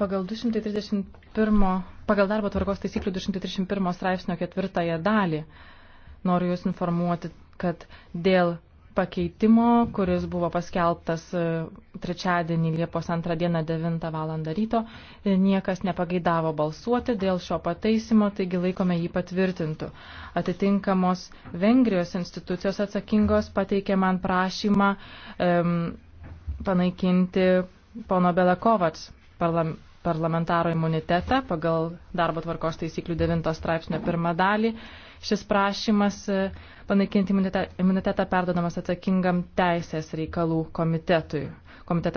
Pagal, 231, pagal darbo tvarkos taisyklių 231 straipsnio ketvirtąją dalį noriu Jūs informuoti, kad dėl pakeitimo, kuris buvo paskelbtas e, trečiadienį Liepos 2 dieną 9 val. ryto, e, niekas nepageidavo balsuoti dėl šio pataisimo, taigi laikome jį patvirtintų. Atitinkamos Vengrijos institucijos atsakingos pateikė man prašymą um, panaikinti pono Belakovac parlam, parlamentaro imunitetą pagal darbo tvarkos taisyklių 9 straipsnio pirmą dalį. Šis prašymas e, panaikinti imunitetą perdodamas atsakingam teisės reikalų komitetui. Komitetas